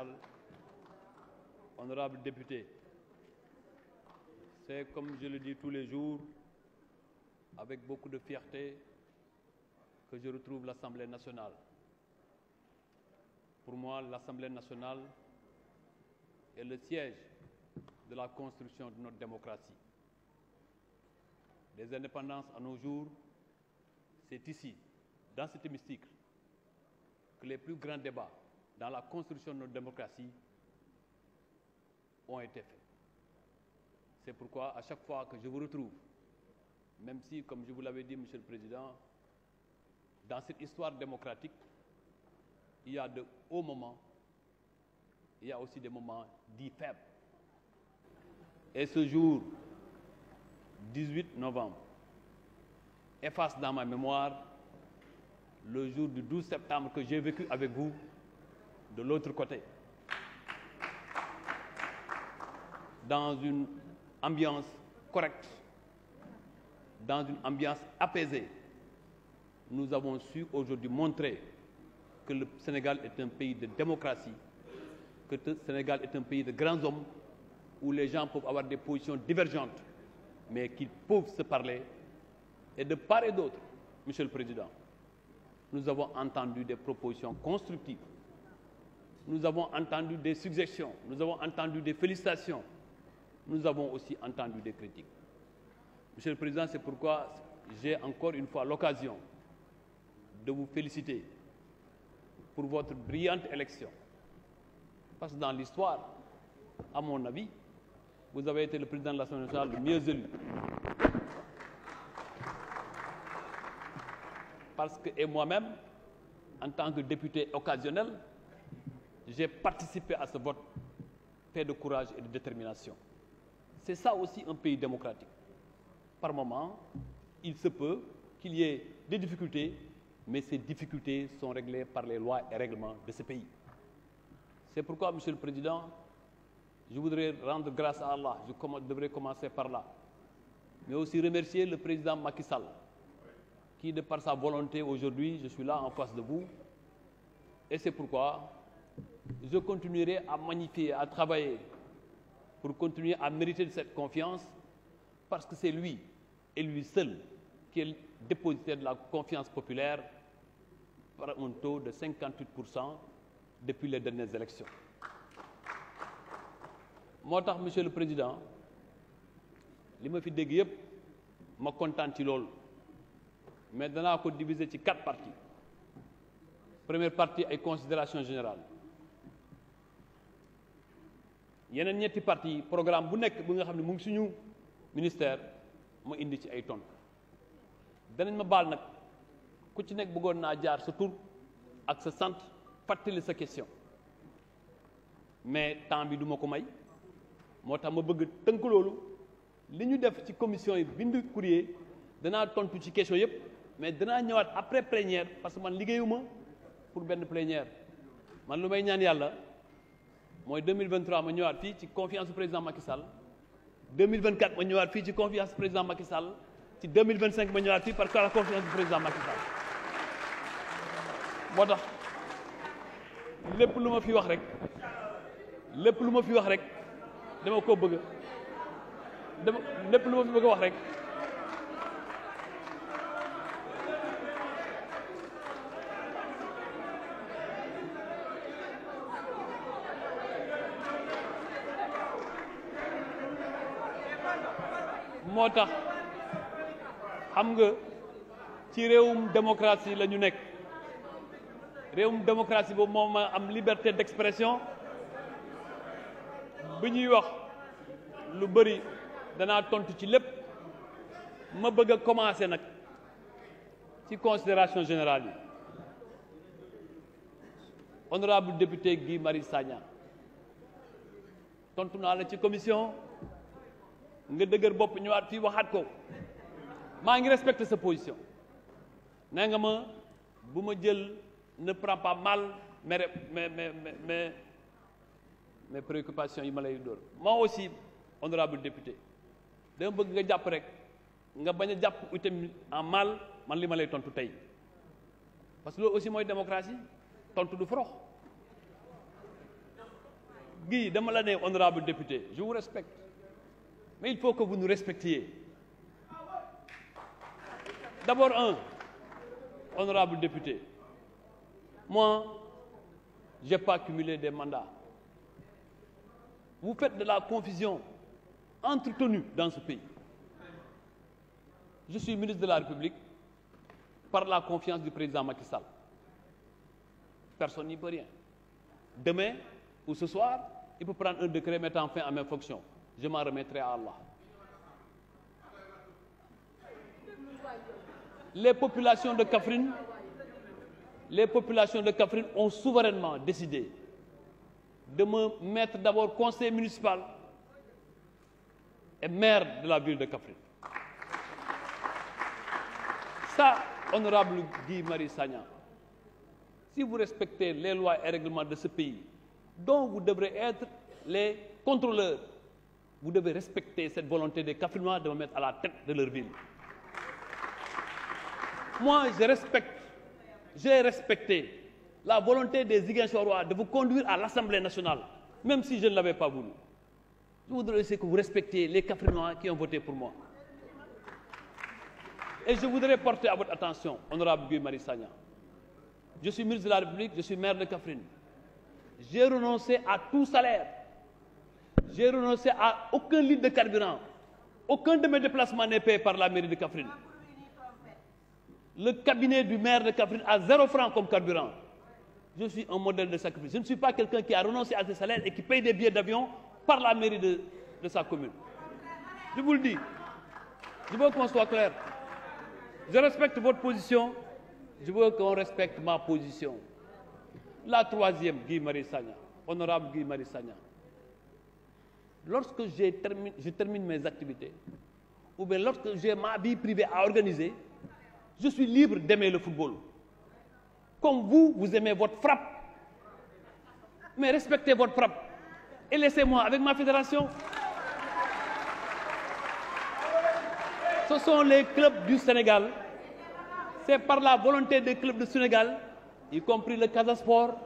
Sall, honorables députés, c'est comme je le dis tous les jours, avec beaucoup de fierté, que je retrouve l'Assemblée nationale. Pour moi, l'Assemblée nationale et le siège de la construction de notre démocratie. Les indépendances à nos jours, c'est ici, dans cet hémicycle, que les plus grands débats dans la construction de notre démocratie ont été faits. à chaque fois que je même si, comme je vous Président, dans cette histoire démocratique, il y de hauts moments, il y a aussi des moments dits faibles. Et ce jour, 18 novembre, efface dans ma mémoire le jour du 12 septembre que j'ai vécu avec de l'autre côté, dans une ambiance correcte, dans une ambiance apaisée, nous avons su aujourd'hui montrer que le Sénégal est un pays de démocratie, que le Sénégal est un pays de grands hommes, où les gens peuvent avoir des positions divergentes, mais qu'ils peuvent se parler. Et de part et d'autre, Monsieur le Président, nous avons entendu des propositions constructives Nous avons entendu des suggestions, nous avons entendu des félicitations, nous avons aussi entendu des critiques. Monsieur le Président, c'est pourquoi j'ai encore une fois l'occasion de vous féliciter pour votre brillante élection. Parce que dans l'histoire, à mon avis, vous avez été le président de l'Assemblée nationale le mieux élu. Parce que, et moi-même, en tant que député occasionnel, j'ai participé à ce vote fait de courage et de détermination. C'est ça aussi un pays démocratique. Par moment, il se peut qu'il y ait des difficultés, mais ces difficultés sont réglées par les lois et règlements de ce pays. C'est pourquoi, Monsieur le Président, je voudrais rendre grâce à Allah, je devrais commencer par là, mais aussi remercier le Président Macky Sall, qui, de par sa volonté aujourd'hui, je suis là en face de vous, et c'est pourquoi je continuerai à magnifier, à pour continuer à mériter de confiance parce que c'est lui et lui seul qui est la confiance populaire par un taux de 58% depuis les dernières élections. moo tax monsieur le président li ma fi dégg yépp ma kontaan ci loolu mais danaa ko diviser ci quatre parties première partie ay considération générale yeneen ñetti parti programme bu nekk bu nga xam ne mu ngi suñu ministère ma indi ci ay tontu danañ ma baal nag ku ci nekk bëggoon naa jaar sa tur ak sa sant fàttali sa question mais temps bi duma ko may moo tax ma bëgg tënk loolu li ñu def ci commission yi bind courrier danaa tontu ci question yëpp mais danaa ñëwaat après plénière parce que man liggéeyuma pour benn plénière man lu may ñaan yàlla. mooy 2023 ma ñëwaat fii ci confiance du président Macky Sall 2024 ma ñëwaat fii ci confiance président Macky Sall ci 2025 ma ñëwaat fii par la confiance du président Macky Sall moo tax lépp lu ma fi wax rek lépp lu ma fi wax rek dama ko bëgg dama lépp lu ma fi bëgg wax rek. moo tax xam nga ci réewum démocratie la ñu nekk réewum démocratie boobu moom ma am liberté d'expression bi ñuy wax lu bëri danaa tontu ci lépp ma bëgg a commencer nag ci considération générale yi honorable député gi Marius Sagna tontu naa la ci commission nga dëgër bopp ñëwaat fii waxaat ko maa ngi respecté sa position nee nga ma bu ma jël ne prend pas mal mais mais mais mais mes préoccupations yi ma lay dóor moi aussi honorable député dama bëgg nga jàpp rek nga bañ a jàpp itam en mal man li ma lay tontu tey parce que aussi mooy démocratie tontu du forox gii dama la ne honorable député je vous Mais il faut que vous nous respectiez. D'abord, un, honorable député, moi, je n'ai pas cumulé des mandats. Vous faites de la confusion entretenue dans ce pays. Je suis ministre de la République par la confiance du président Macky Sall. Personne n'y peut rien. Demain ou ce soir, il peut prendre un décret mettant fin à mes fonctions. je m'en remettrai à Allah les populations de Kaffrine les populations de Kaffrine ont souverainement décidé de me mettre d'abord conseiller municipal et maire de la ville de Kaffrine ça honorable Guy Marius Sagna si vous respectez les lois et règlements de ce pays donc vous devrez être les contrôleurs vous devez respecter cette volonté des Camerounois de me mettre à la tête de leur ville. Moi, je respecte, la volonté des Iguinchorois de vous conduire à l'Assemblée nationale, même si je ne l'avais pas voulu. Je voudrais que vous respectiez les Camerounois qui ont voté pour moi. Et je voudrais porter à votre attention, honorable Guy Marissagna. Je suis ministre de la République, je suis maire de Catherine. J'ai renoncé à tout salaire J'ai renoncé à aucun litre de carburant. Aucun de mes n'est payé par la mairie de Kaffrine. Le cabinet du maire de Kaffrine a zéro franc comme carburant. Je suis un modèle de sacrifice. Je ne suis pas quelqu'un qui a renoncé à ses salaires et qui paye des billets d'avion par la mairie de, de sa commune. Je vous le dis. Je veux qu'on soit clair. Je respecte votre position. Je veux qu'on respecte ma position. La troisième, Guy Marie Sagna. lorsque je termine, je termine mes activités, ou bien lorsque j'ai ma vie privée à organiser, je suis libre d'aimer le football. Comme vous, vous aimez votre frappe. Mais respectez votre frappe. Et laissez-moi avec ma fédération. Ce sont les clubs du Sénégal. C'est par la volonté des clubs du Sénégal, y compris le Casasport,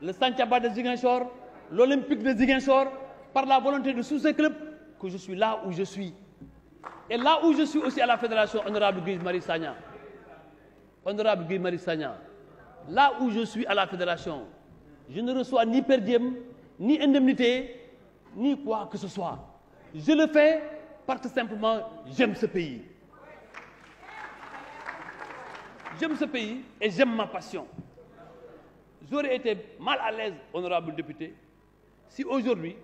le Santhiaba de Ziguinchor, l'Olympique de Ziguinchor, par la volonté de sous ce club que je suis là où je suis et là où je suis aussi à la fédération honorable Guy Marius Sagna honorable Guy Marius Sagna là où je suis à la fédération je ne reçois ni per ni indemnité ni quoi que ce soit je le fais parce que simplement j'aime ce pays j'aime ce pays et j'aime ma passion j'aurais été mal à l'aise honorable député si aujourd'hui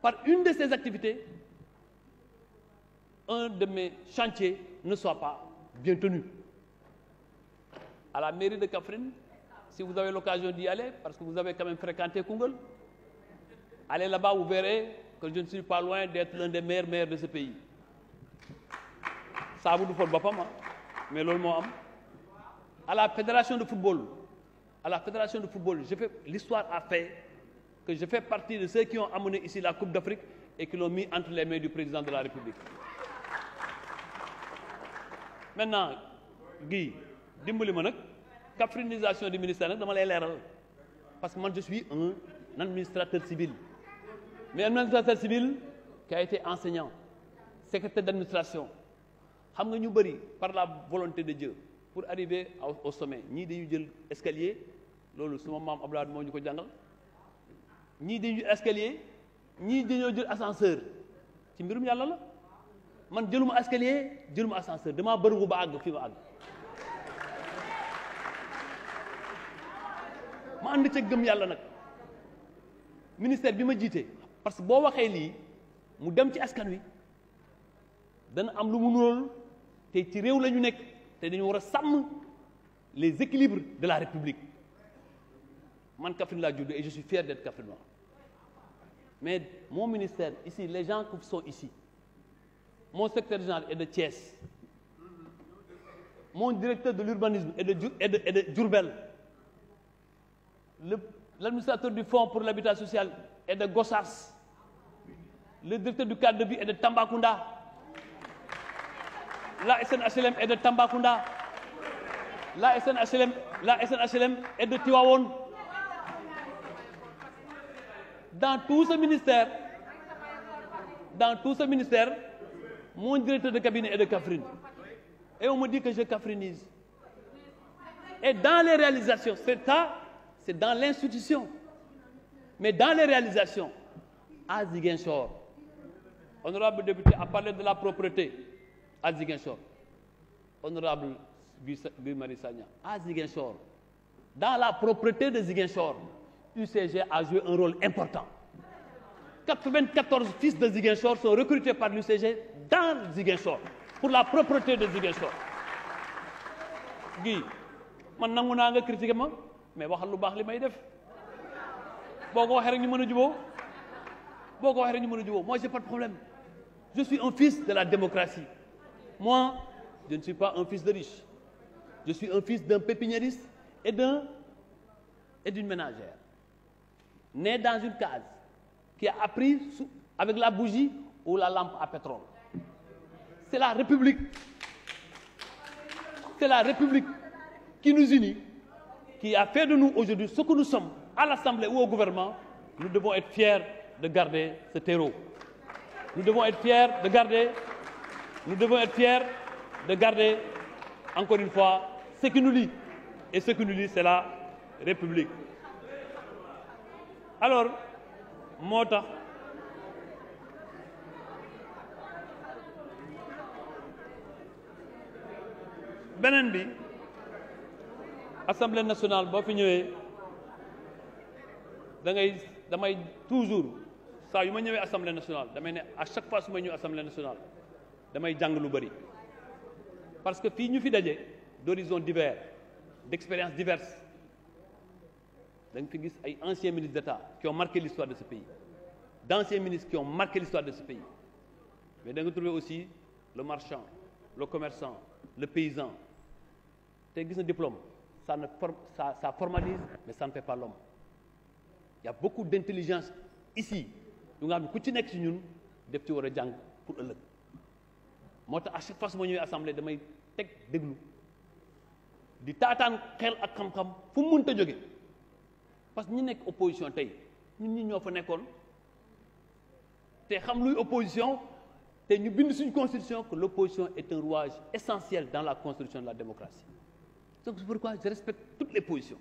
par une de ces activités, de mes chantiers ne soit pas bien tenu. À la mairie de Kafrine, si vous avez l'occasion d'y aller, parce que vous avez quand même fréquenté Kungol, allez là-bas, vous verrez que je ne suis pas loin d'être l'un des meilleurs maires de ce pays. Ça vous pas moi, mais À la fédération de football, à la fédération de football, l'histoire à fait que je fais partie de ceux qui ont amené ici la Coupe d'Afrique et qui l'ont mis entre les mains du président de la République. Maintenant, Guy, dimbali ma nag caprinisation du ministère nag dama lay leeral parce que man je suis un administrateur civil mais un administrateur civil qui a été enseignant secrétaire d'administration xam nga ñu bëri par la volonté de Dieu pour arriver au sommet ñii dañu jël escalier loolu suma maam Abdoulaye moo ñu ko jàngal ñii dañuy escalier ñii dañoo jël ascenseur ci mbirum yàlla la man jëluma escalier jëluma ascenseur damaa bëriwu ba àgg fi ma àgg ma ànd ca gëm yàlla nag ministère bi ma jiite parce que boo waxee lii mu dem ci askan wi dana am lu mu nurool te ci réew la ñu nekk te dañu war a sàmm les équilibres de la république man Kaffrine laa juddoo et je suis fier d'être Kaffrinois Mais mon ministère, ici, les gens qui sont ici, mon secrétaire général est de Thiès, mon directeur de l'urbanisme et de, est de, est de Djurbel, l'administrateur du Fonds pour l'habitat social est de Gossas, le directeur du cadre de vie est de Tambacounda, la SNHLM est de Tambacounda, la SNHLM, la SNHLM est de Tiwawon. dans tout ce ministère dans tout ce ministère mon directeur de cabinet est de Kaffrine et on me dit que je kaffrinise et dans les réalisations c'est ça c'est dans l'institution mais dans les réalisations à Ziguinchor honorable député a parlé de la propreté à Ziguinchor honorable Guy Marius Sagna à Ziguinchor dans la propreté de Ziguinchor UCG a joué un rôle important. 94 fils de Ziguinchor sont recrutés par l'UCG dans Ziguinchor pour la propreté de Ziguinchor. gi man nangu naa nga critiquer ma mais waxal lu baax li may def boo ko waxee rek ñu mën a jubóo boo ko waxee ñu mën a jubóo moi j'ai pas de problème je suis un fils de la démocratie moi je ne suis pas un fils de riche je suis un fils d'un pépiniériste et d'un et d'une ménagère. né dans une case, qui a appris sous, avec la bougie ou la lampe à pétrole. C'est la République. C'est la République qui nous unit, qui a fait de nous aujourd'hui ce que nous sommes, à l'Assemblée ou au gouvernement. Nous devons être fiers de garder ce terreau. Nous devons être fiers de garder, nous devons être de garder, encore fois, ce qui nous lie. Et ce qui nous lie, c'est la République. alors moo tax beneen bi assemblée nationale boo fi ñëwee dangay damay toujours saa yu ma ñëwee assemblée nationale damay ne à chaque fois su may ñëw assemblée nationale damay jàng lu bari parce que fii ñu fi daje d'horizons divers d'expériences diverses da nga fi gis ay anciens ministres d'État qui ont marqué l'histoire de ce pays d'anciens ministres qui ont marqué l'histoire de ce pays mais da nga trouver aussi le marchand le commerçant le paysan te gis na diplôme ça ne form ça ça formalise mais ça ne fait pas l'homme il y a beaucoup d'intelligence ici yu nga xam ne ku ci nekk ci ñun def ci war a jàng pour ëllëg moo tax à chaque fois su ma ñëwee assemblée damay teg déglu di taataan xel ak xam-xam fu mu jóge parce que ñi nekk opposition tey ñun ñi ñoo fa nekkoon te xam luy opposition te ñu bind suñu constitution que l'opposition est un rouage essentiel dans la construction de la démocratie donc ci pourquoi je respecte toutes les positions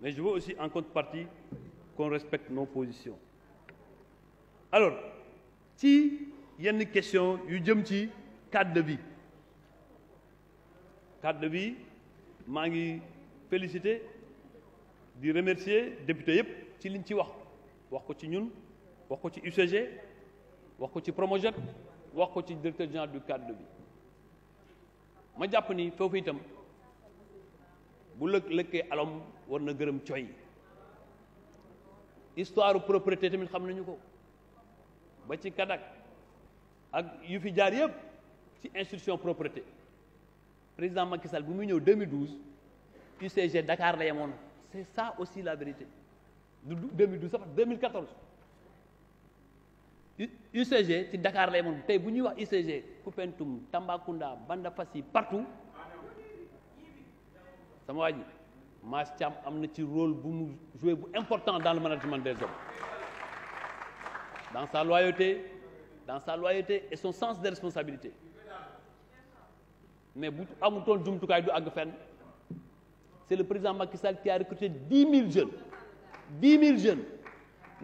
mais je veux aussi en contrepartie qu'on respecte nos positions alors si yenn question yu jëm ci cadre de vie cadre de vie maa ngi féliciter di remercier député yëpp ci liñ ci wax wax ko ci ñun wax ko ci UCG wax ko ci Promojet wax ko ci directeur général du cadre bi ma jàpp ni foofu itam bu lëkk lëkkee alom war na gërëm coy histoire propriété tamit xam nañu ko ba ci kadak ak yu fi jaar yëpp ci institution propriété président Macky Sall bu muy ñëw 2012 UCG Dakar la yemoon c'est ça aussi la vérité du 2012 sax UCG ci Dakar lay moom tey bu ñuy wax UCG Koupentoum Tambacounda Bandafassi partout sama waa ji Mass Thiam am na ci rôle bu mu joué bu important dans le management des hommes dans sa loyauté dans sa loyauté et son sens de responsabilité mais bu amutoon jumtukaay du ag fenn. c'est le président Macky Sall qui a recruté dix mille jeunes dix mille jeunes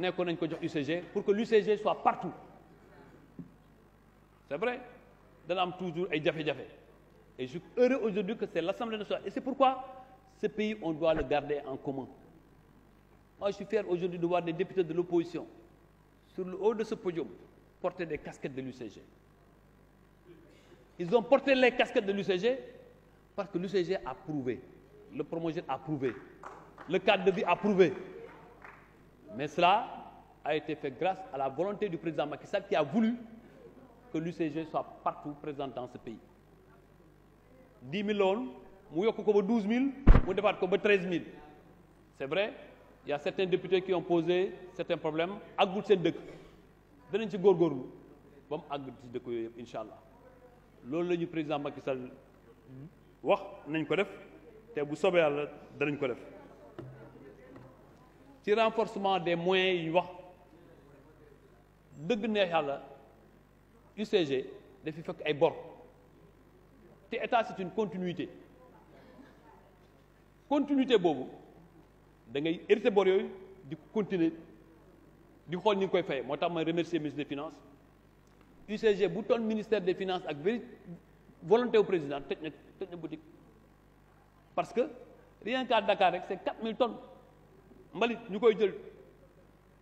nekkoon nañ ko jox UCG pour que l'UCG soit partout c'est vrai dana am toujours ay jafe-jafe et je suis heureux aujourd'hui que c'est l'Assemblée nationale et c'est pourquoi ce pays on doit le garder en commun moi je suis fier aujourd'hui de voir des députés de l'opposition sur le haut de ce podium porter des casquettes de l'UCG ils ont porté les casquettes de l'UCG parce que l'UCG a prouvé le Promojet a prouvé, le cadre de vie a prouvé. Mais cela a été fait grâce à la volonté du président Macky Sall qui a voulu que l'UCG soit partout présent dans ce pays. 10 000 loans, mu yokk ko ba 12 000 mu defaat ko ba 13 000 c'est vrai il y a certains députés qui ont posé certains problèmes àggul seen dëkk danañ ci góorgóorlu ba mu àgg ci dëkk yooyu yëpp incha allah loolu la ñu président Macky Sall wax nañ ko def. te bu soobee yàlla danañ ko def ci renforcement des moyens yu wax dëgg neex yàlla UCG dafi fekk ay bor te état c'est une continuité continuité boobu dangay ngay hérité bor yooyu di continuer di xool ni nga koy fay moo tax ma remercier ministre de finance UCG bu toll ministère de finance ak veri volonté au président tëj na tëj na boutique parce que rien qu'à Dakar rek c'est 4000 ton mbalit ñu koy jël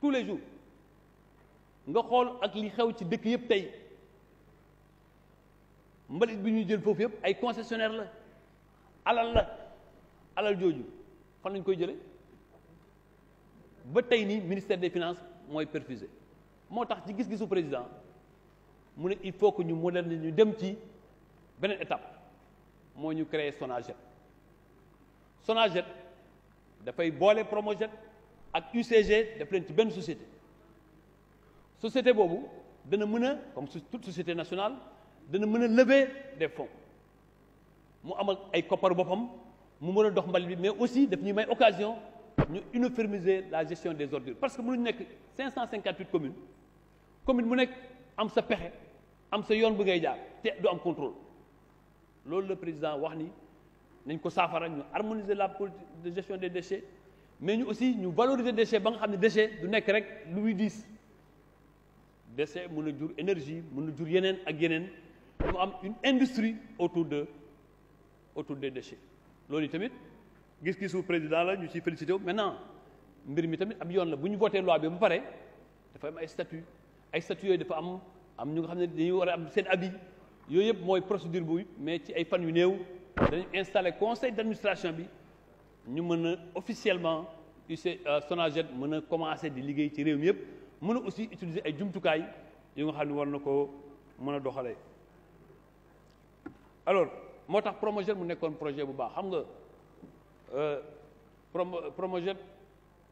tous les jours nga xool ak li xew ci dëkk yëpp tey mbalit bi ñuy jël foofu yëpp ay concessionnaire la alal la alal jooju fan lañ koy jëlee ba tey nii ministère des finances mooy perfusé moo tax ci gis-gisu président mu ne il faut que ñu moderniser ñu dem ci beneen étape moo ñu créer SONAGED Sonaget dafay boole Promojet ak UCG def leen ci benn société société boobu dana mën a comme toute société nationale dana mën a lever des fonds mu amal ay koppar boppam mu mën a dox mbali bi mais aussi daf ñuy may occasion ñu uniformiser la gestion des ordures parce que mënuñu nekk 558 communes commune mu nekk am sa pexe am sa yoon bu ngay jaar te du am contrôle loolu la président wax ni. nañ ko saafara ñu harmoniser la politique de gestion des déchets mais ñu aussi ñu valoriser déchets ba nga xam ne déchet du nekk rek lu muy diis déchet mën na jur énergie mun na jur yeneen ak yeneen mu am une industrie autour de autour des déchets loolu tamit gis-gisu président la ñu ciy félicité wu maintenant mbir mi tamit ab yoon la bu ñu voté loi bi ba pare dafa am ay statut ay statut yooyu dafa am am ñu nga xam ne dañuy war a am seen avis yooyu yëpp procédure bu mais ci ay fan yu néew dañu installé conseil d' administration bi ñu mën a officiellement UC euh, Sonaged mën a commencé di liggéey ci réew mi yëpp mën a aussi utiliser ay jumtukaay yu nga xam ne war na ko mën a doxalee alors moo tax Promoged mu nekkoon projet bu baax xam nga euh, Promoged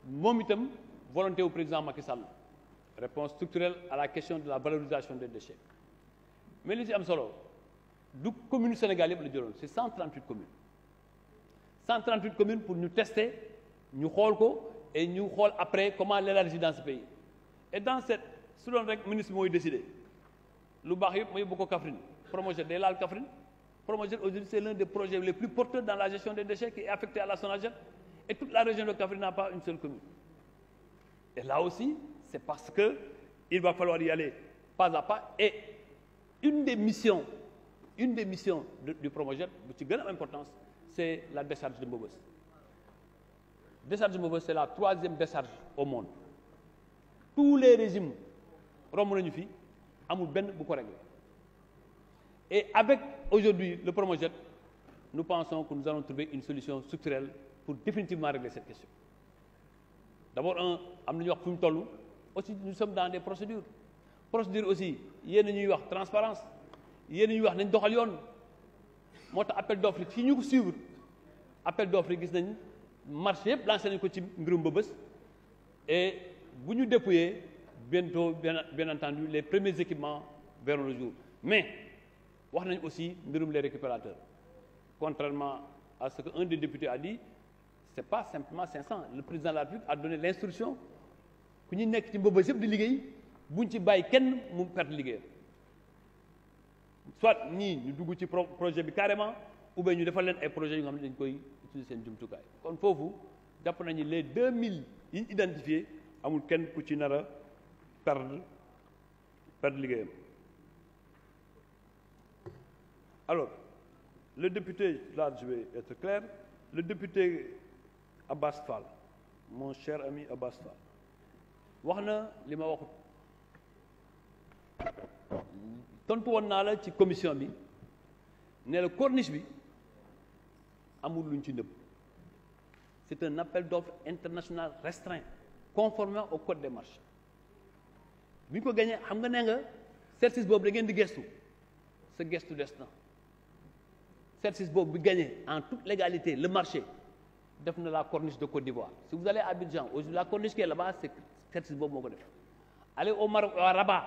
moom itam volonté wu président Macky Sall réponse structurelle à la question de la valorisation des déchets mais li ci am solo du commune Sénégal yëpp la jëloon c'est 138 communes 138 communes pour ñu tester ñu xool ko et ñu xool après comment l'élargir dans ce pays et dans cette su doon rek ministre mooy décider lu baax yëpp ma yóbbu ko Kaffrine Promojet day laal Kaffrine Promojet aujourd'hui c'est l'un des projets les plus porteurs dans la gestion des déchets qui est affecté à la SONAGED et toute la région de Kaffrine n'a pas une seule commune et là aussi c'est parce que va falloir y aller pas à pas des missions une des missions du Promojet bu ci gën a importance c'est la décharge de Mbëbës décharge de Mbëbës c'est la troisième décharge au monde tous les régimes romb nañu fi amul benn bu ko réglé et avec aujourd'hui le jet nous pensons que nous allons trouver une solution structurelle pour définitivement régler cette question d'abord en am na ñu wax fu ñu toll aussi nous sommes dans des procédures procédures aussi yéen ñuy wax transparence yéen ñu wax nañ doxal yoon moo tax appel d'offre fii ñu ko suivre appel d'offre gis nañ marché yëpp lancé nañ ko ci mbirum ba bés et bu ñu dépouillé bientôt bien bien entendu les premiers équipements verront le jour mais wax nañ aussi mbirum les récupérateurs contrairement à ce que un des députés a dit c'est pas simplement 500 le président de la République a donné l'instruction ku ñu nekk ci mbëbës yëpp di liggéey bu buñ ci bàyyi kenn mu perte liggéey soit ñii ñu dugg ci pro projet bi carrément ou ñu defal leen ay projet yu nga xam ne dañ koy utiliser seen jumtukaay kon foofu jàpp nañu les deux mille yi ñu identifié amul kenn ku ci nara a perdre liggéeyam alors le député là je vais être clair le député Abbas Fall mon cher ami Abbas Fall wax na li ma waxut tontu woon naa la ci commission bi nee la corniche bi amul luñ ci nëbb c'est un appel d'offres international restreint conformément au code de marchés bi ñu ko gañee xam nga nee nga service boobu da ngeen di gestu sa gestu des na service boobu bi gagné en toute légalité le marché def na la corniche de Côte d'Ivoire si vous allez à au aujourd'hui la corniche qui est là-bas c'est service boobu moo ko def allez au Maroc à Rabat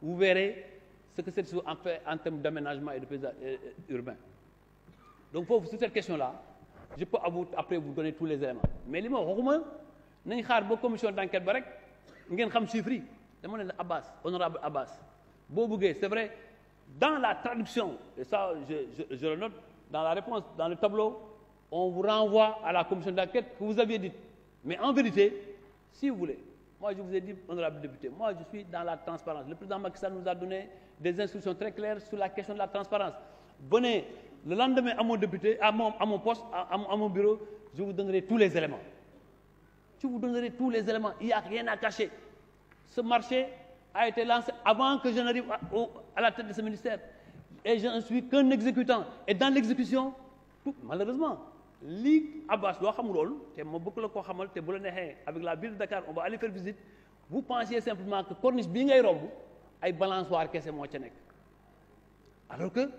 vous verrez ce que cette en fait en termes d'aménagement et de paysage euh, euh, urbain. donc foofu sur cette question-là je peux avoir après vous donner tous les éléments mais li ma waxuma nañ xaar ba commission d'enquête ba rek ngeen xam chiffres yi dama ne la Abbas honorable Abbas boo bëggee c'est vrai dans la traduction et ça je, je dans la réponse dans le tableau on vous renvoie à la commission d'enquête que vous aviez dite mais en vérité si vous voulez Moi, je vous ai dit, honorable député, moi, je suis dans la transparence. Le président Macky nous a donné des instructions très claires sur la question de la transparence. Venez le lendemain à mon député, à mon, à mon poste, à, mon, bureau, je vous donnerai tous les éléments. Je vous donnerai tous les éléments. Il n'y a rien à cacher. Ce marché a été lancé avant que je n'arrive à, la tête de ce ministère. Et je ne suis qu'un exécutant. Et dans l'exécution, malheureusement, lii Abbas doo xam loolu te ma bëgg la koo xamal te bu la neexee avec la ville de Dakar on va aller faire visite vous pensez simplement que corniche bii ngay romb ay balançoire kese moo ca nekk alors que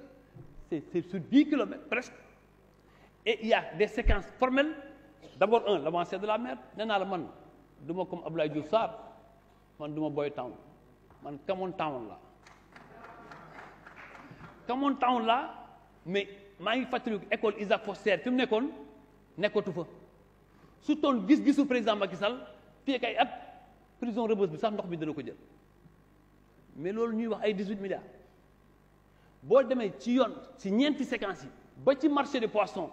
c'est c'est sur dix kilomètres presque et il y a des séquences formelles d'abord un l'avancée de la mer nee naa la man du ma comme Abdoulaye Diouf Sarr man du ma boy town man kamoon town la kamoon town la maa ngi fàttaliku école Isaac Foster fi mu nekkoon nekkatu fa su toon gis-gisu président Macky Sall fii ak ay at prison Rebeuss bi sax ndox mi dana ko jël mais loolu ñuy wax ay 18 milliards boo demee ci yoon ci ñeenti séquences yi ba ci marché de poisson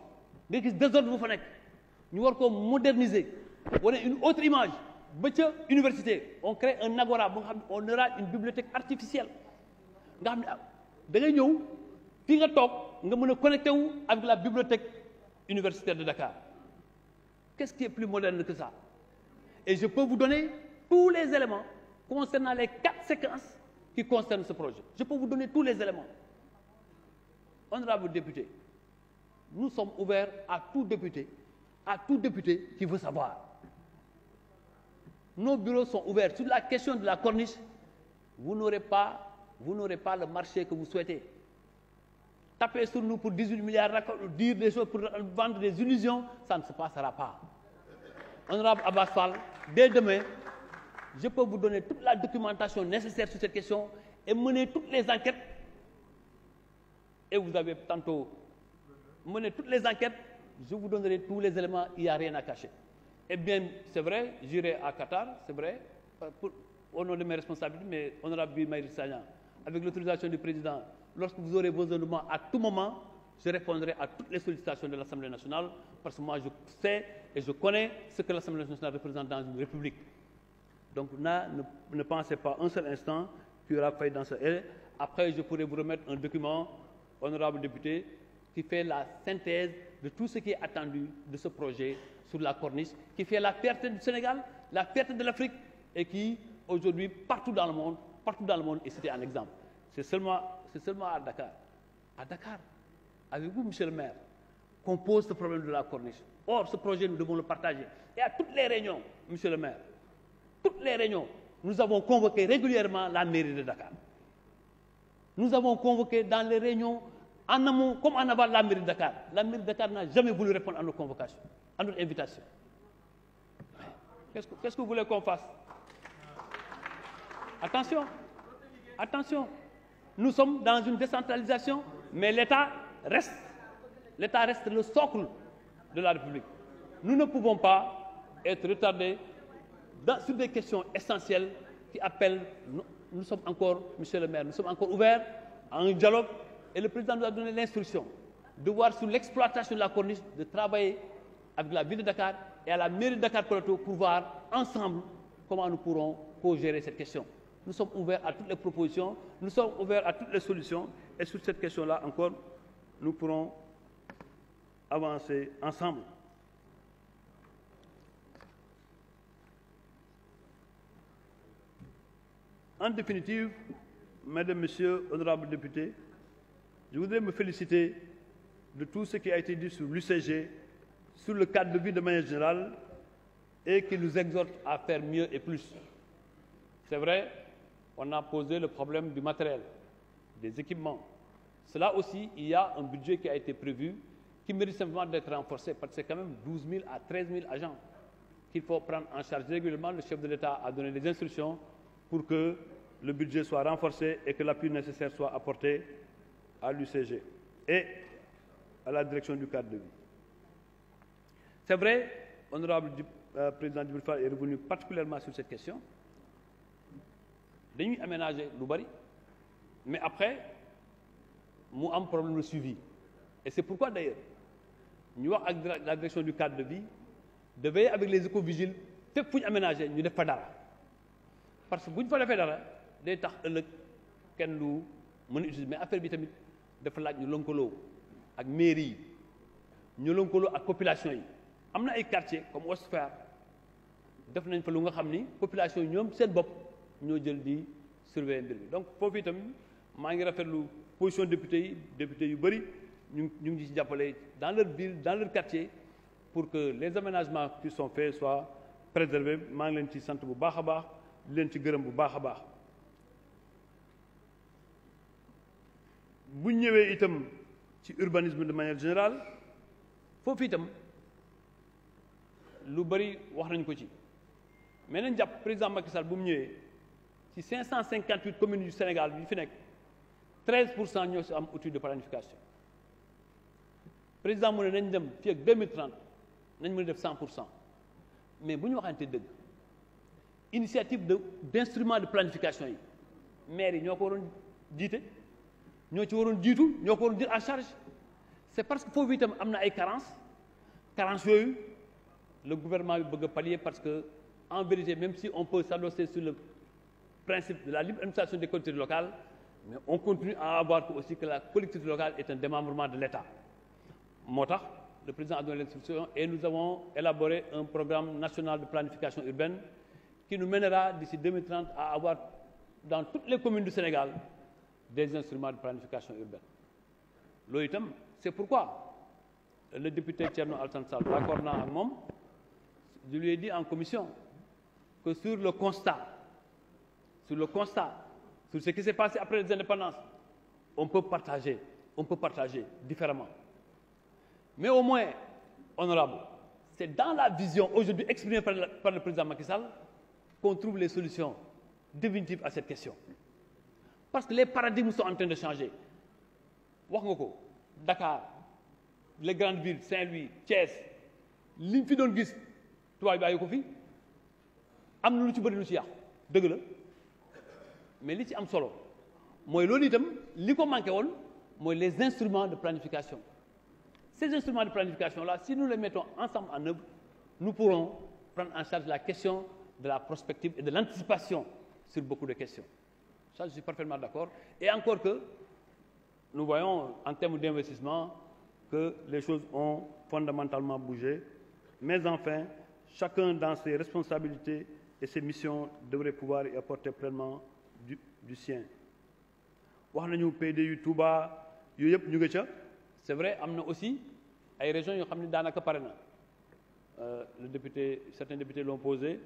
nga gis désordre bu fa nekk ñu war ko moderniser wane une autre image ba ca université on crée un agora bu nga xam ne on aura une bibliothèque artificielle nga xam ne ah, da ngay ñëw fii nga toog. nga mën a connecté wu avec la bibliothèque universitaire de Dakar qu'est-ce qui est plus moderne que ça et je peux vous donner tous les éléments concernant les quatre séquences qui concernent ce projet je peux vous donner tous les éléments honorable député nous sommes ouverts à tout député à tout député qui veut savoir nos bureaux sont ouverts sur la question de la corniche vous n'aurez pas vous n'aurez pas le marché que vous souhaitez taper sur nous pour 18 milliards, dire des choses pour vendre des illusions, ça ne se passera pas. Honorable Abbas Fall, dès demain, je peux vous donner toute la documentation nécessaire sur cette question et mener toutes les enquêtes. Et vous avez tantôt mené toutes les enquêtes, je vous donnerai tous les éléments, il n'y a rien à cacher. Eh bien, c'est vrai, j'irai à Qatar, c'est vrai, euh, pour, au de mes responsabilités, mais honorable Bimaïr Sagnan, avec président, lorsque vous aurez besoin de moi à tout moment, je répondrai à toutes les sollicitations de l'Assemblée nationale, parce que moi je sais et je connais ce que l'Assemblée nationale représente dans une république. Donc là, ne, ne pensez pas un seul instant qu'il y aura faille dans ce... Et après, je pourrai vous remettre qui la synthèse de tout ce qui est attendu de ce projet sur la corniche, qui fait la fierté du Sénégal, la fierté de l'Afrique, et qui, aujourd'hui, partout dans le monde, partout dans le monde, est cité un exemple. C'est seulement c'est seulement à Dakar, à Dakar, avec vous, monsieur le maire, qu'on ce problème de la corniche. Or, ce projet, nous devons le partager. Et à toutes les réunions, monsieur le maire, toutes les réunions, nous avons convoqué régulièrement la mairie de Dakar. Nous avons convoqué dans les réunions, en amont comme en aval, la mairie de Dakar. La mairie de Dakar n'a jamais voulu répondre à nos convocations, à notre invitation. Qu'est-ce que vous voulez qu'on fasse nous sommes dans une décentralisation, mais l'État reste, l'État reste le socle de la République. Nous ne pouvons pas être retardés dans, sur des questions essentielles qui appellent, nous, sommes encore, monsieur le maire, nous sommes encore ouverts à un dialogue et le président nous a l'instruction de voir sur l'exploitation de la corniche, de travailler avec la ville de Dakar et à la mairie de Dakar pour voir ensemble comment nous pourrons co cette question. Nous sommes ouverts à toutes les propositions, nous sommes ouverts à toutes les solutions. Et sur cette question-là encore, nous pourrons avancer ensemble. En définitive, Mesdames, Messieurs, honorables députés, je voudrais me féliciter de tout ce qui a été dit sur l'UCG, sur le cadre de vie de manière générale, et qui nous exhorte à faire mieux et plus. C'est vrai, on a posé le problème du matériel, des équipements. Cela aussi, il y a un budget qui a été prévu qui mérite simplement d'être renforcé parce que c'est quand même à 13 000 agents qu'il faut prendre en charge régulièrement. Le chef de l'État a donné des instructions pour que le budget soit renforcé et que l'appui nécessaire soit apporté à l'UCG et à la direction du cadre de vie. C'est vrai, honorable du, euh, président Dubrifal est revenu particulièrement sur cette question, dañuy aménager lu bari mais après mu am problème de suivi et c'est pourquoi d'ailleurs ñu wax ak la direction du cadre de vie de veiller avec les écovigiles fépp fu ñu aménager ñu def fa dara parce que bu ñu fa defee dara day tax ëllëg kenn du mën a mais affaire bi tamit dafa laaj ñu lënkaloo ak mairie yi ñu lëkkaloo ak population yi am na ay quartiers comme Ouest def nañ fa lu nga xam ni population yi ñoom seen bopp. ñoo jël di surveiller mbir mi donc foofu itam maa ngi rafetlu position député yi député yu bëri ñu ñu ngi ci jàppale dans leur ville dans leur quartier pour que les aménagements qui sont faits soient préservés maa ngi leen ci sant bu baax a baax leen ci gërëm bu baax a baax bu ñëwee itam ci urbanisme de manière générale foofu itam lu bëri wax nañ ko ci mais nañ jàpp président Macky bu mu ñëwee ci 558 communes yu Sénégal yi fi nekk 13 pour cent ñoo si am outil de planification président mu nañ dem fii ak 2030 nañ mën a def 100 pour cent mais bu ñu waxante dëgg initiative de d' de planification yi maire yi ñoo ko waroon jiite ñoo ci waroon jiitu ñoo ko waroon jël en charge c' parce que foofu itam am na ay carence carence yooyu le gouvernement bi bëgg parce que en vérité même si on peut s'adosser sur le principe de la libre administration des collectivités locales, mais on continue à avoir aussi que la collectivité locale est un démembrement de l'État. Motard, le président a donné l'instruction et nous avons élaboré un programme national de planification urbaine qui nous mènera d'ici 2030 à avoir dans toutes les communes du Sénégal des instruments de planification urbaine. L'OITM, c'est pourquoi le député Tcherno Altansal, d'accord, je lui ai dit en commission le constat sur le constat, sur ce qui s'est passé après les indépendances, on peut partager, on peut partager différemment. Mais au moins, honorable, c'est dans la vision aujourd'hui exprimée par, la, par, le président Macky Sall qu'on trouve les solutions définitives à cette question. Parce que les paradigmes sont en train de changer. Wakngoko, Dakar, les grandes villes, Saint-Louis, Thiès, l'Infidon Gis, tu vois, il y a eu Am lu ci bari lu ci yaq deug la mais li ci am solo mooy loolu itam li ko manqué woon mooy les instruments de planification ces instruments de planification là si nous les mettons ensemble en œuvre nous pourrons prendre en charge la question de la prospective et de l'anticipation sur beaucoup de questions ça je suis parfaitement d'accord et encore que nous voyons en termes d'investissement que les choses ont fondamentalement bougé mais enfin chacun dans ses responsabilités et ses missions devrait pouvoir y apporter du sien wax nañu PDU Touba yooyu yëpp ñu ngi ca c'est vrai am na aussi ay régions yoo xam ne daanaka pare na euh, le député certains députés l'ont posé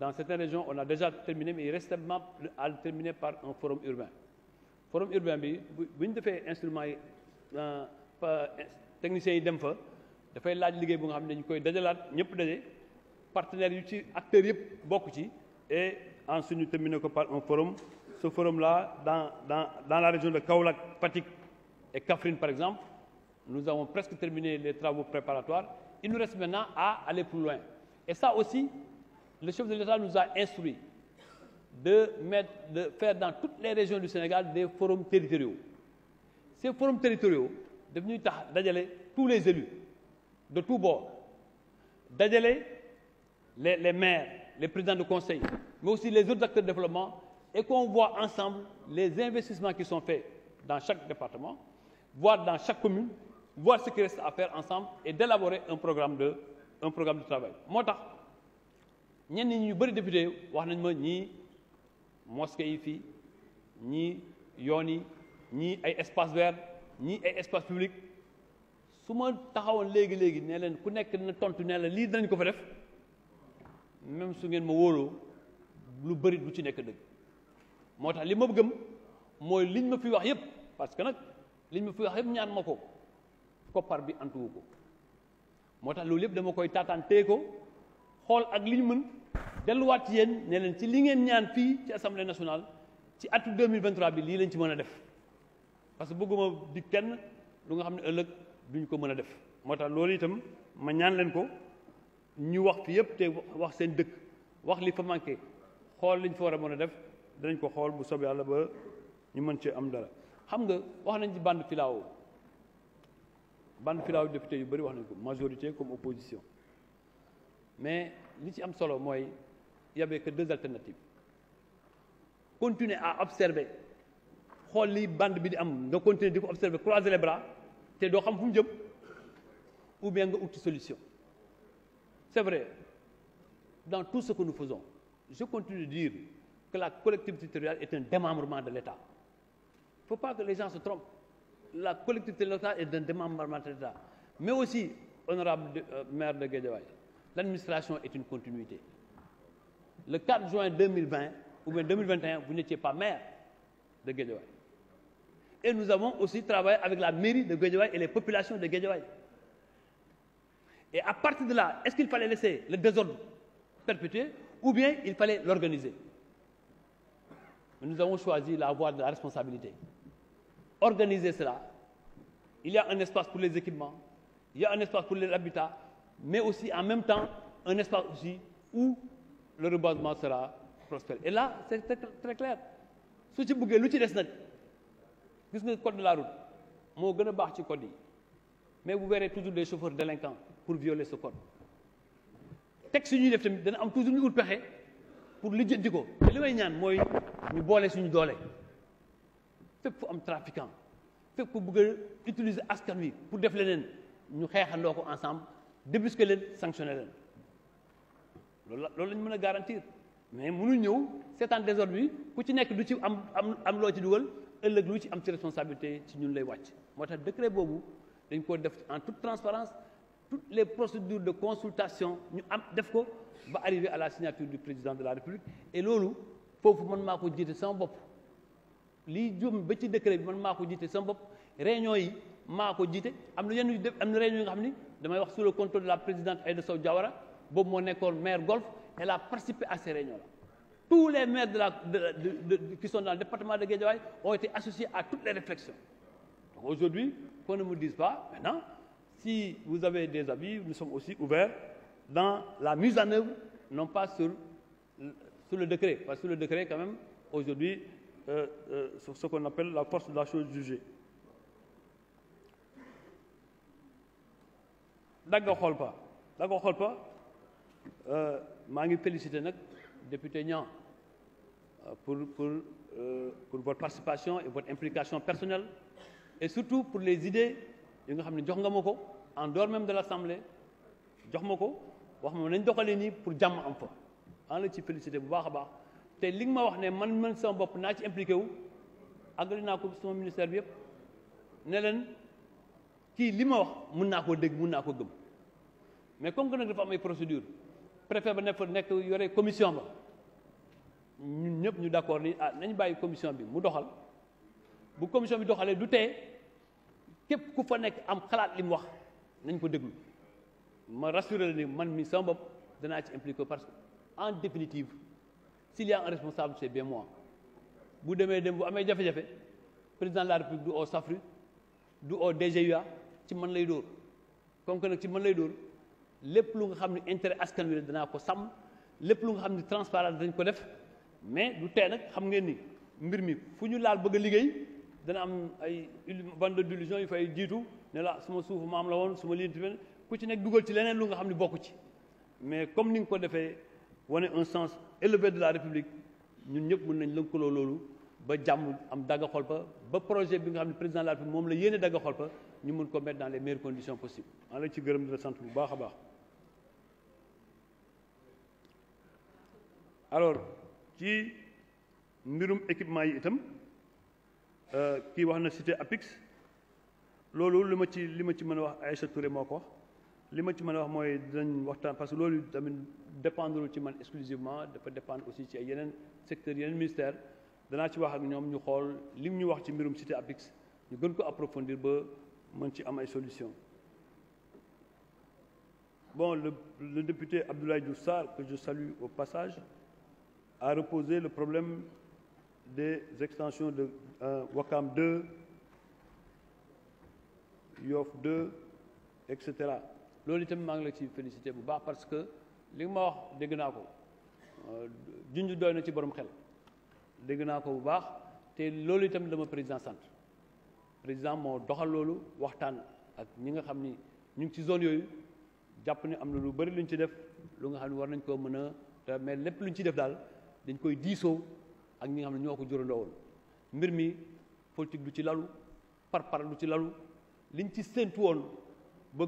dans certaines régions on a déjà terminé mais il reste tellement à le terminer par un forum bi bu ñu defee instrument yi euh, techniciens yi dem fa dafay laaj liggéey bu nga xam ne dañu koy dajalaat ñëpp daje partenaires yu ci acteurs yëpp bokk ci et ensuite ñu terminer ko par un forum ce forum la dans, dans, dans, la région de Kaolak, Patik et Kafrine, par exemple, nous avons presque terminé les travaux préparatoires. Il nous reste maintenant à aller plus loin. Et ça aussi, le chef de l'État nous a instruit de, mettre, de faire dans toutes les régions du Sénégal des forums territoriaux. Ces forums territoriaux, devenus d'ailleurs tous les élus, de tous bords, d'ailleurs les, les maires, les présidents de conseil, mais aussi les autres acteurs de développement, et qu'on voit ensemble les investissements qui sont faits dans chaque département, voire dans chaque commune, voir ce qui reste à ensemble et d'élaborer un programme de un programme de travail moo tax ñenn ñi ñu bëri député wax nañ ma ñii mosquée yi fii ñii yoon yi ñii ay espace vert ñii ay espace public su ma taxawoon léegi léegi ne leen ku nekk dina tontu ne la lii dinañ ko fa def même su ngeen ma wóoloo lu bëri lu ci nekk dëgg moo tax li ma gëm mooy liñ ma fi wax yépp parce que nag liñ ma fi wax yépp ñaan ma ko koppar bi antuwu ko moo tax loolu yépp dama koy taataan téye ko xool ak li ñu mën delluwaat ci yéen ne leen ci li ngeen ñaan fii ci assemblée nationale ci atu 2023 bi lii lañ ci mën a def parce que bëgguma di kenn lu nga xam ne ëllëg duñ ko mën a def moo tax loolu itam ma ñaan leen ko ñu wax fi yépp te wax seen dëkk wax li fa manqué xool liñ fa war a mën a def danañ ko xool bu sob yàlla ba ñu mën cee am dara xam nga wax nañ ci band filao bande filao député yu bëri wax nañ ko majorité comme opposition mais li ci am solo mooy y avait que deux alternatives continuer à observer xool li bande bi di am nga continuer di ko observer croiser les bras te doo xam fu mu jëm ou bien nga uti solution c'est vrai dans tout ce que nous faisons je continue de que la collectivité territoriale est un démembrement de l'État. Il ne faut pas que les gens se trompent. La collectivité locale est un démembrement de l'État. Mais aussi, honorable de, euh, maire de Guédiawaye, l'administration est une continuité. Le 4 juin 2020 ou bien 2021, vous n'étiez pas maire de Guédiawaye. Et nous avons aussi travaillé avec la mairie de Guédiawaye et les populations de Guédiawaye. Et à partir de là, est-ce qu'il fallait laisser le désordre perpétuer ou bien il fallait nous avons choisi la voie de la responsabilité. Organiser cela. Il y a un espace pour les équipements, il y a un espace pour l'habitat, mais aussi en même temps un espace aussi où le reboisement sera prospère. Et là, c'est très, très, clair. Ce qui est des de gis nga code de la route moo gën a baax ci code yi mais vous verrez toujours des chauffeurs délinquants pour violer ce code texte yi ñuy def tamit dana am toujours ñu ut pexe pour li lijjanti ko te li may ñaan mooy ñu boole suñu doole fépp fu am trafiquant fépp ku bëgg utiliser askan wi pour def leneen ñu xeexandoo ko ensemble débusqué leen sanctionné leen loolu la loolu lañ mën a garantir mais mënuñ ñëw seetaan désordre bi ku ci nekk du ci am am am loo ci dugal ëllëg lu ci am ci responsabilité ci ñun lay wàcc moo tax décret boobu dañ koo def en toute transparence toutes les procédures de consultation ñu am def ko ba arriver à la signature du président de la république et loolu foofu man maa ko jiite sama bopp lii jëm ba ci décret bi man maa ko jiite sama bopp réunion yi maa ko jiite am na yenn yu def am na réunion yi nga xam ni damay wax sous le contrôle de la présidente Aïda Sow Diawara boobu moo nekkoon maire Golf elle a participé à ces réunions là tous les maires de la de, de, de, qui sont dans département de Guédiawaye ont été associés à toutes les réflexions donc si vous avez des avis, nous sommes aussi ouverts dans la mise en œuvre, non pas sur, sur le décret. Parce que le décret, quand même, aujourd'hui, euh, euh ce qu'on appelle la force de la chose jugée. dagga xool pa dagga xool pa euh, maa ngi félicité nag député Niang euh, pour pour pour votre participation et votre implication personnelle et surtout pour les idées yi nga xam ne jox nga ma ko en dehors même de l'assemblée jox ma ko wax ma nañ doxalee nii pour jàmm am fa an la ci félicité bu baax a baax te li nga ma wax ne man man sama bopp naa ci impliqué wu àggali naa ko sama ministère bi yëpp ne leen kii li ma wax mun naa koo dégg mun naa ko gëm mais comme que nag dafa am ay procédure préfet ba nekk nekk yore commission ba ñun ñëpp ñu d'accord ni ah nañ bàyyi commission bi mu doxal bu commission bi doxalee du tee képp ku fa nekk am xalaat li mu wax nañ ko déglu ma rassuré la ni man mi sama bopp danaa ci impliqué parce que en définitive s'il y a un responsable bu demee dem bu amee jafe-jafe président la république du au SAFRU du au DGUA ci man lay dóor comme que nag ci man lay dóor lépp lu nga xam ne intérêt askan wi danaa ko sam lépp lu nga xam ne transparence dañ ko def mais du tee nag xam ngeen ni mbir mi fu ñu laal bëgg a liggéey dana am ay de d'illusion yu fay jiitu ne la suma suufu maam la woon suma lii tamit ku ci nekk dugal ci leneen lu nga xam ne bokku ci mais comme ni nga ko defee wane un sens élevé de la république ñun ñëpp mun nañ lëkkaloo loolu ba jàmm am dagga xol ba projet bi nga xam ne président la république moom la yéene dagga xol ñu mën ko mettre dans les meilleures conditions possibles maa ci gërëm di la sant bu baax a baax ci mbirum équipement yi itam euh, kii wax na cité APIX loolu li ma ci li ma ci mën a wax Aïcha Touré moo ko li ma ci mën a wax mooy dinañ waxtaan parce que loolu tamit dépendre ci man exclusivement dafa dépendre aussi ci ay yeneen secteurs yeneen ministère danaa ci wax ak ñoom ñu xool lim ñu wax ci mbirum cité APIX ñu gën ko approfondir ba mën ci am ay solution bon le, le député Abdoulaye Diouf Sarr que je salue au passage a reposé le problème des extensions de euh, Ouakam Yoff 2 et cetera loolu itam maa ngi la ci félicité bu baax parce que li nga ma wax dégg naa ko euh, junj doy na ci borom xel dégg naa ko bu baax te loolu itam dama président sant président moo doxal loolu waxtaan ak ñi nga xam ni ñu ngi ci zone yooyu jàpp ni am na lu bëri lu ñu ci def lu nga xam ne war nañ koo mën a mais lépp lu ñu ci def daal dañ koy diisoo ak ñi nga xam ne ñoo ko jurandoo woon mbir mi politique du ci lalu par par du ci lalu liñ ci séntu woon ba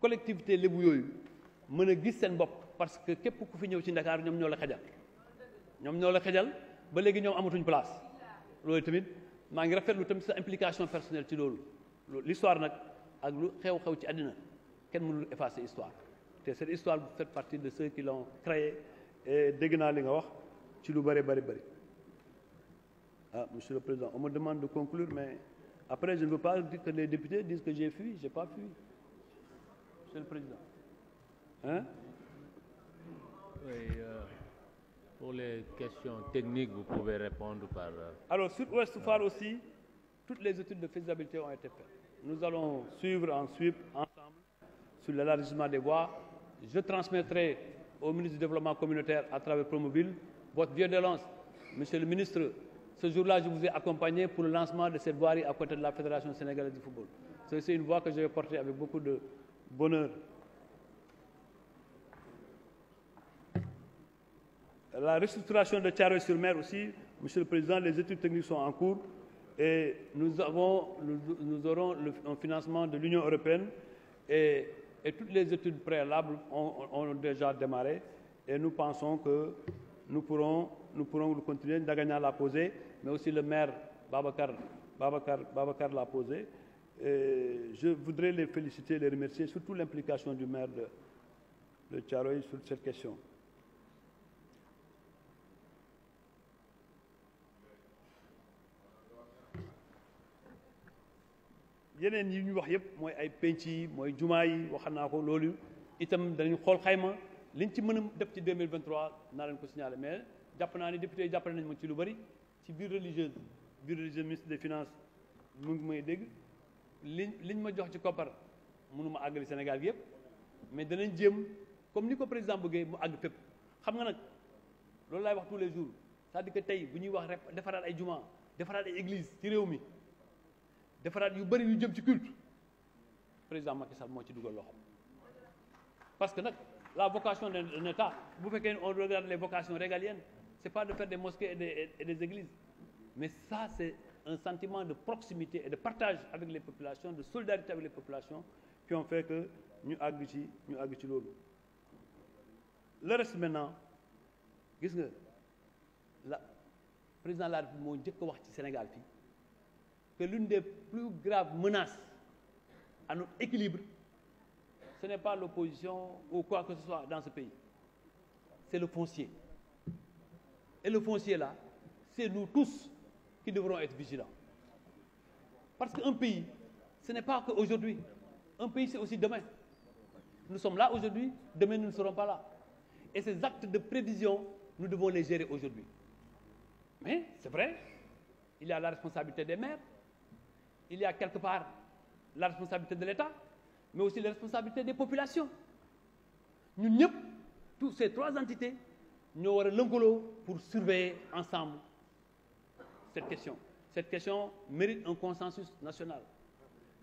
collectivité lébu yooyu mën a gis seen bopp parce que képp ku fi ñëw ci Ndakaaru ñoom ñoo la xajal ñoom ñoo la xejal ba léegi ñoom amatuñ place loolu tamit maa ngi lu tamit sa implication personnelle ci loolu l'histoire nag ak lu xew-xew ci àddina kenn mënul effacer histoire te cette histoire bu fait partie de ceux qui l'ont créée dégg naa li nga wax ci lu bëri bari bëri ah monsieur le président on demande de conclure mais Après, je ne veux pas dire que les députés disent que j'ai fui. Je n'ai pas fui. Monsieur le Président. Hein euh, pour les questions techniques, vous pouvez répondre par... Euh, Alors, sur Ouest euh, les études de faisabilité ont été faites. Nous allons suivre ensemble, sur l'élargissement des voies. Je transmettrai au ministre du Développement communautaire à travers Promobile votre vieux Monsieur le ministre, Ce jour-là, je vous ai accompagné pour le lancement de cette voirie à côté de la Fédération sénégalaise du football. C'est une voie que j'ai portée avec beaucoup de bonheur. La restructuration de Tiaroy-sur-Mer aussi, Monsieur le Président, les études techniques sont en cours et nous, aurons le, un financement de l'Union européenne et, et, toutes les études préalables ont, ont déjà démarré et nous pensons que nous pourrons nous pourrons continuer. Ndagana l'a posé, mais aussi le maire Babacar, Babacar, Babacar l'a posé. Et je voudrais les féliciter, les remercier, surtout l'implication du maire de, de Charoy sur cette question. yeneen yi ñu wax yëpp mooy ay penc yi mooy jumaa yi wax naa ko loolu itam danañ xool xayma liñ ci mën a def ci 2023 naa leen ko signaler mais jàpp naa ne député yi jàppale nañ ma ci lu bari ci biir religieuse biir religieuse ministre des finances mu ngi may dégg liñ liñ ma jox ci koppar mënu ma àggali Sénégal gi yëpp mais danañ jëm comme ni ko président bëggee mu àgg fépp xam nga nag loolu laay wax tous les jours cest di que tey bu ñuy wax rek defaraat ay juma defaraat ay église ci réew mi defaraat yu bëri yu jëm ci culte président Macky Sall moo ci dugal loxo parce que nag la vocation de État bu fekkee on regarde les vocations régaliennes c'est pas de faire des mosquées et des, et des églises. Mais ça, c'est un sentiment de proximité et de partage avec les populations, de solidarité avec les populations, qui ont fait que ñu àgg ci ñu àgg ci loolu. le reste maintenant gis nga la président de la République moo njëkk a wax ci Sénégal fii que l'une des plus graves menaces à notre équilibre ce n'est pas l'opposition ou quoi que ce soit dans ce pays c'est le foncier. le foncier là, c'est nous tous qui devrons être vigilants. Parce qu'un pays, ce n'est pas qu'aujourd'hui. Un pays, c'est aussi demain. Nous sommes là aujourd'hui, demain nous ne serons pas là. Et ces actes de prévision, nous devons les gérer aujourd'hui. Mais c'est vrai, il y a la responsabilité des maires, il y a quelque part la responsabilité de l'État, mais aussi la responsabilité des populations. Nous, tous ces trois entités, ñoo war a lënkaloo pour surveiller ensemble cette question cette question mérite un consensus national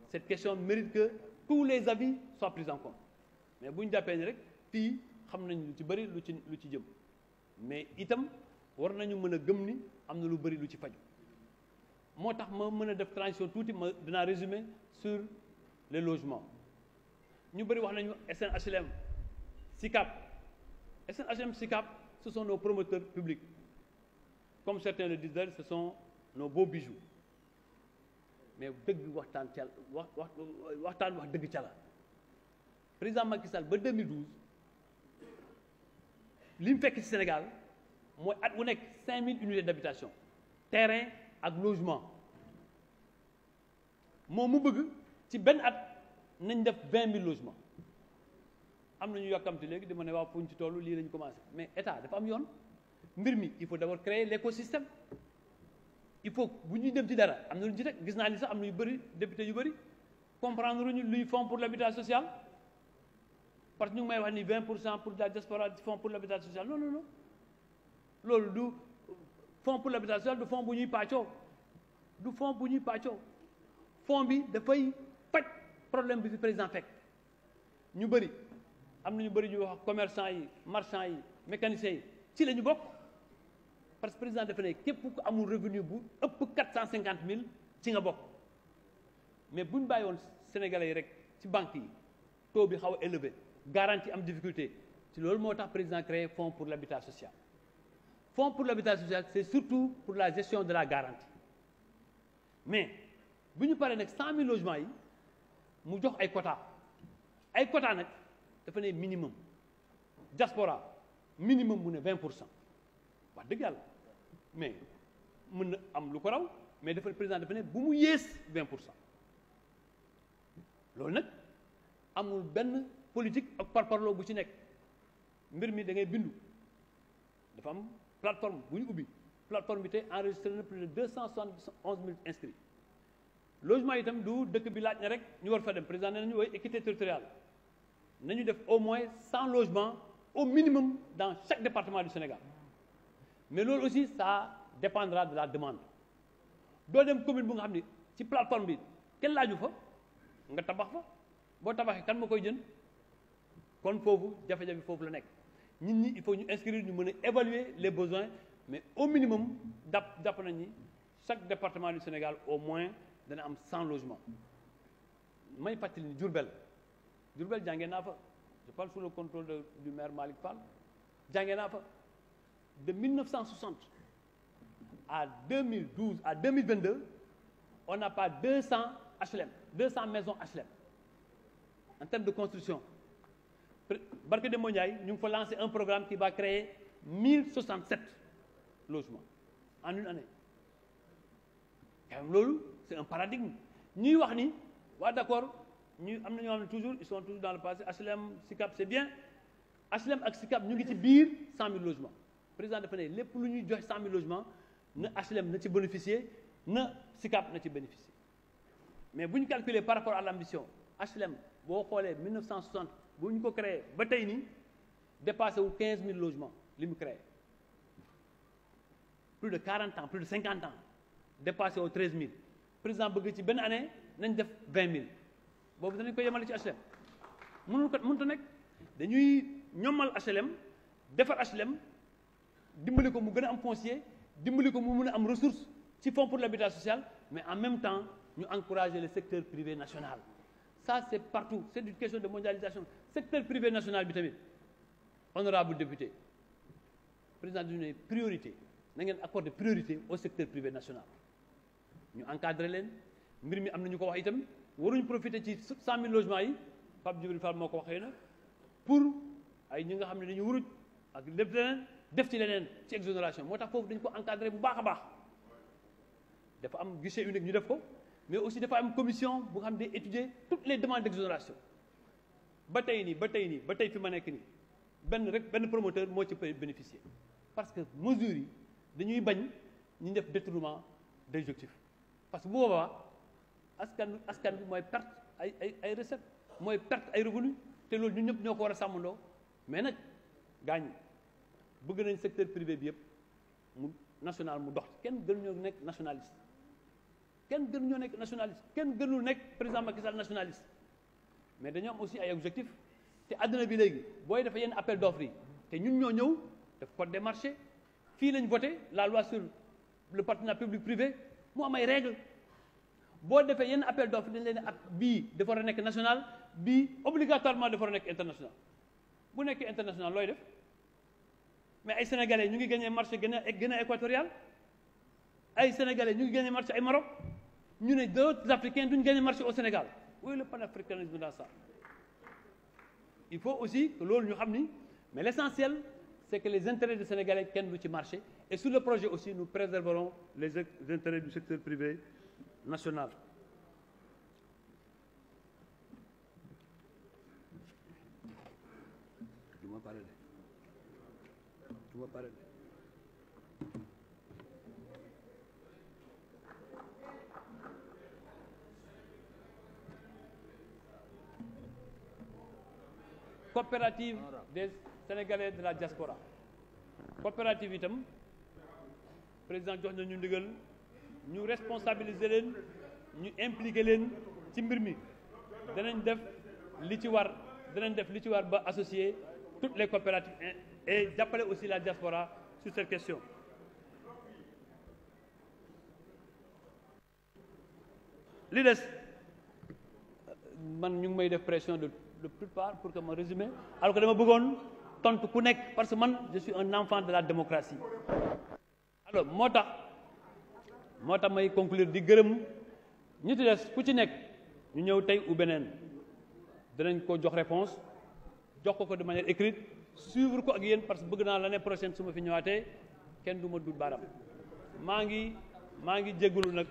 cette question mérite que tous les avis soient pris en compte mais bu ñu jàppee ni rek fii xam nañ lu ci bëri lu ci lu ci jëm mais itam war nañu mën a gëm ni am na lu bëri lu ci faju moo tax ma mën a def transition tuuti ma dinaa résumer sur les logements ñu bëri wax nañu SNHLM SICAP SNHLM SICAP ce sont nos promoteurs publics. Comme certains le disent, ce sont nos beaux bijoux. mais dëgg waxtaan ca wax waxtaan wax dëgg ca la président Macky Sall ba 2012 li mu fekk ci Sénégal mooy at wu nekk cinq 5000 unités d'habitation terrain ak logement moom mu bëgg ci benn at nañ def 20 000 logements. am nañu yàkkamte léegi dama ne waa fuñ ci toll lii lañ commencé mais état dafa am yoon mbir mi il faut d'abord créer l'écosystème il faut bu ñuy dem ci dara am na lu ñu ci rek gis naa ni sax am na yu bëri député yu bëri comprendre ñu luy fonds pour l'habitat social parce que ñu ngi may wax ni 20 pour cent pour la diaspora fonds pour l'habitat social non non non loolu du fonds pour l'habitat social du fonds bu ñuy pàccoo du fonds bu ñuy pàccoo fonds bi dafay faj problème bi fi président ñu bëri. am na ñu bëri ñu wax commerçant yi marchand yi mécanicien yi ci la ñu bokk parce que président dafa ne képp ku amul revenu bu ëpp quatre cent cinquante mille ci nga bokk mais bu ñu bàyyi woon sénégalais yi rek ci banque yi taux bi xaw a élevé am difficulté ci loolu moo tax président créé fonds pour l'habitat social fonds pour l'habitat social c'est surtout pour la gestion de la garantie mais bu ñu paree nag cent mille logements yi mu jox ay quotas ay quotas nag dafa ne minimum diaspora minimum mu ne vingt pour cent wax dëgg yàlla mais mën na am lu ko raw mais dafa président dafa ne bu mu yées vingt pour cent loolu nag amul benn politique ak parparloo bu ci nekk mbir mi da ngay bindu dafa am plateforme bu ñu ubbi plateforme bi tey enregistré na plus de deux cent soixante onze mille inscrits logement itam du dëkk bi laaj na rek ñu war fa dem président nee nañu ooy équité territoriale nañu def au moins cent logements au minimum dans chaque département du Sénégal mais loolu aussi ça dépendra de la demande doo dem commune bu nga xam ne ci plateforme bi kenn laaju fa nga tabax fa boo tabaxee kan ma koy jën kon foofu jafe-jafe foofu la nekk nit ñi il faut ñu inscrire ñu mën a évaluer les besoins mais au minimum dàpp jàpp nañ ni chaque département du Sénégal au moins dana am cent logements may fàttali ni Diourbel Diourbel jàngee naa fa je parle sous le contrôle de du maire Malick Fall jàngee naa fa de 1960 à 2012 à 2022 on n'a pas 200 HLM 200 maisons HLM en termes de construction Barke Demba Ndiaye ñu ngi fa lancer un programme qui va créer 1067 logements en une année quand même loolu c'est un paradigme ñuy wax ni waa d'accord. ñu am na ñoo xam ne toujours ils sont toujours dans le passé HLM SICAP c'est bien HLM ak SICAP ñu ngi ci biir 100000 logements président dafa ne lépp lu ñuy joxe 100000 logements na HLM ci bénéficier na SICAP na ci bénéficier mais bu ñu calculer par rapport à l'ambition HLM boo xoolee 1960 bu ñu ko créé ba tey nii dépassé wu 15000 logements li mu créé plus de 40 ans plus de 50 ans dépassé wu 13000 président bëgg ci benn année nañ def 20000. boobu danañ ko yemale ci HLM mënul ko mënut a nekk dañuy ñomal HLM defar HLM dimbali ko mu gën a am foncier dimbali ko mu mën a am ressource ci fonds pour l'habitat social mais en même temps ñu encourager le secteur privé national ça c'est partout c'est une question de mondialisation secteur privé national bi tamit honorable député président du ne priorité na ngeen accorder priorité au secteur privé national ñu encadrer leen mbir mi am na ñu ko wax itam waruñ profité ci cent mille logements yi Pape Djibril Fall moo ko waxee na pour ay ñi nga xam ne dañu wuruj ak lépp leneen def ci leneen ci exonération moo tax foofu dañ ko encadré bu baax a baax dafa am guichet unique ñu def ko mais aussi dafa am commission bu nga xam ne étudier toutes les demandes d' ba tey nii ba tey nii ba tey fi ma nekk nii benn rek benn promoteur moo ci bénéficier parce que mesures yi dañuy bañ ñu def détournement des objectifs askan askan bi mooy perte ay ay ay recette mooy perte ay revenu te loolu ñun ñëpp ñoo ko war a sàmmandoo mais nag gaañ bëgg nañ secteur privé bi yëpp mu national mu dox kenn gënu ñoo nekk nationaliste kenn gënu ñoo nekk nationaliste kenn gënul nekk par Macky Sall nationaliste mais dañoo am ay objectifs te àdduna bi léegi booy dafa yenn appel d'offre yi te ñun ñoo ñëw def code des marchés fii lañ voté la loi sur le partenariat public privé mu am ay règles boo defee yenn appel d'offre dañ leen ak bii dafa war a nekk national bii obligatoirement dafa war a nekk international bu nekkee international looy def mais ay sénégalais ñu ngi gagné marché gën a gën a équatorial ay sénégalais ñu ngi gagné marché ay Maroc ñu ne d'autres africains duñu gagné marché au Sénégal où est le panafricanisme dans il faut aussi que loolu ñu xam ni mais l'essentiel c'est que les intérêts des sénégalais kenn du ci marché et sur le projet aussi nous préserverons les intérêts du secteur privé nationale. coopérative des Sénégalais de la diaspora coopérative itam président jox na ñu ndigal ñu responsabiliser leen ñu impliquer leen ci mbir mi danañ def li ci war danañ def li ci war ba associer toutes les coopératives et jàppale aussi la diaspora sur cette question li des man ñu ngi may def pression de de toute part pour que ma résumer alors que dama bëggoon tontu ku nekk parce que man je suis un enfant de la démocratie alors moo tax moo tax may conclure di gërëm ñi ci des ku ci nekk ñu ñëw tey ou beneen dinañ ko jox réponse jox ko ko de manière écrite suivre ko ak yéen parce que bëgg naa l'année prochaine su ma fi ñëwaatee kenn du ma dut baaram maa ngi maa ngi jégalu nag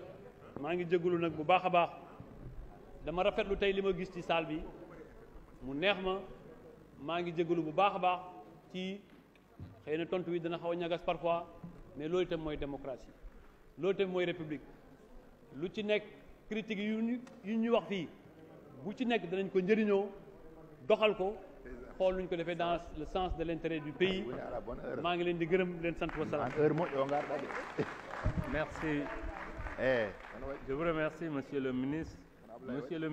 maa ngi jégalu nag bu baax a baax dama rafetlu tey li ma gis ci salle bi mu neex ma maa ngi jégalu bu baax a baax ci xëy na tontu wi dina xaw a ñagas parfois mais loolu itam mooy démocratie loolu tamit mooy république lu ci nekk critique yu ñu yu ñu wax fii bu ci nekk danañ ko njëriñoo doxal ko xool nuñ ko defee dans le sens de l'intérêt du pays ah maa ngi leen di gërëm leen sant wa salaam merci eh. je vous remercie monsieur le ministre monsieur le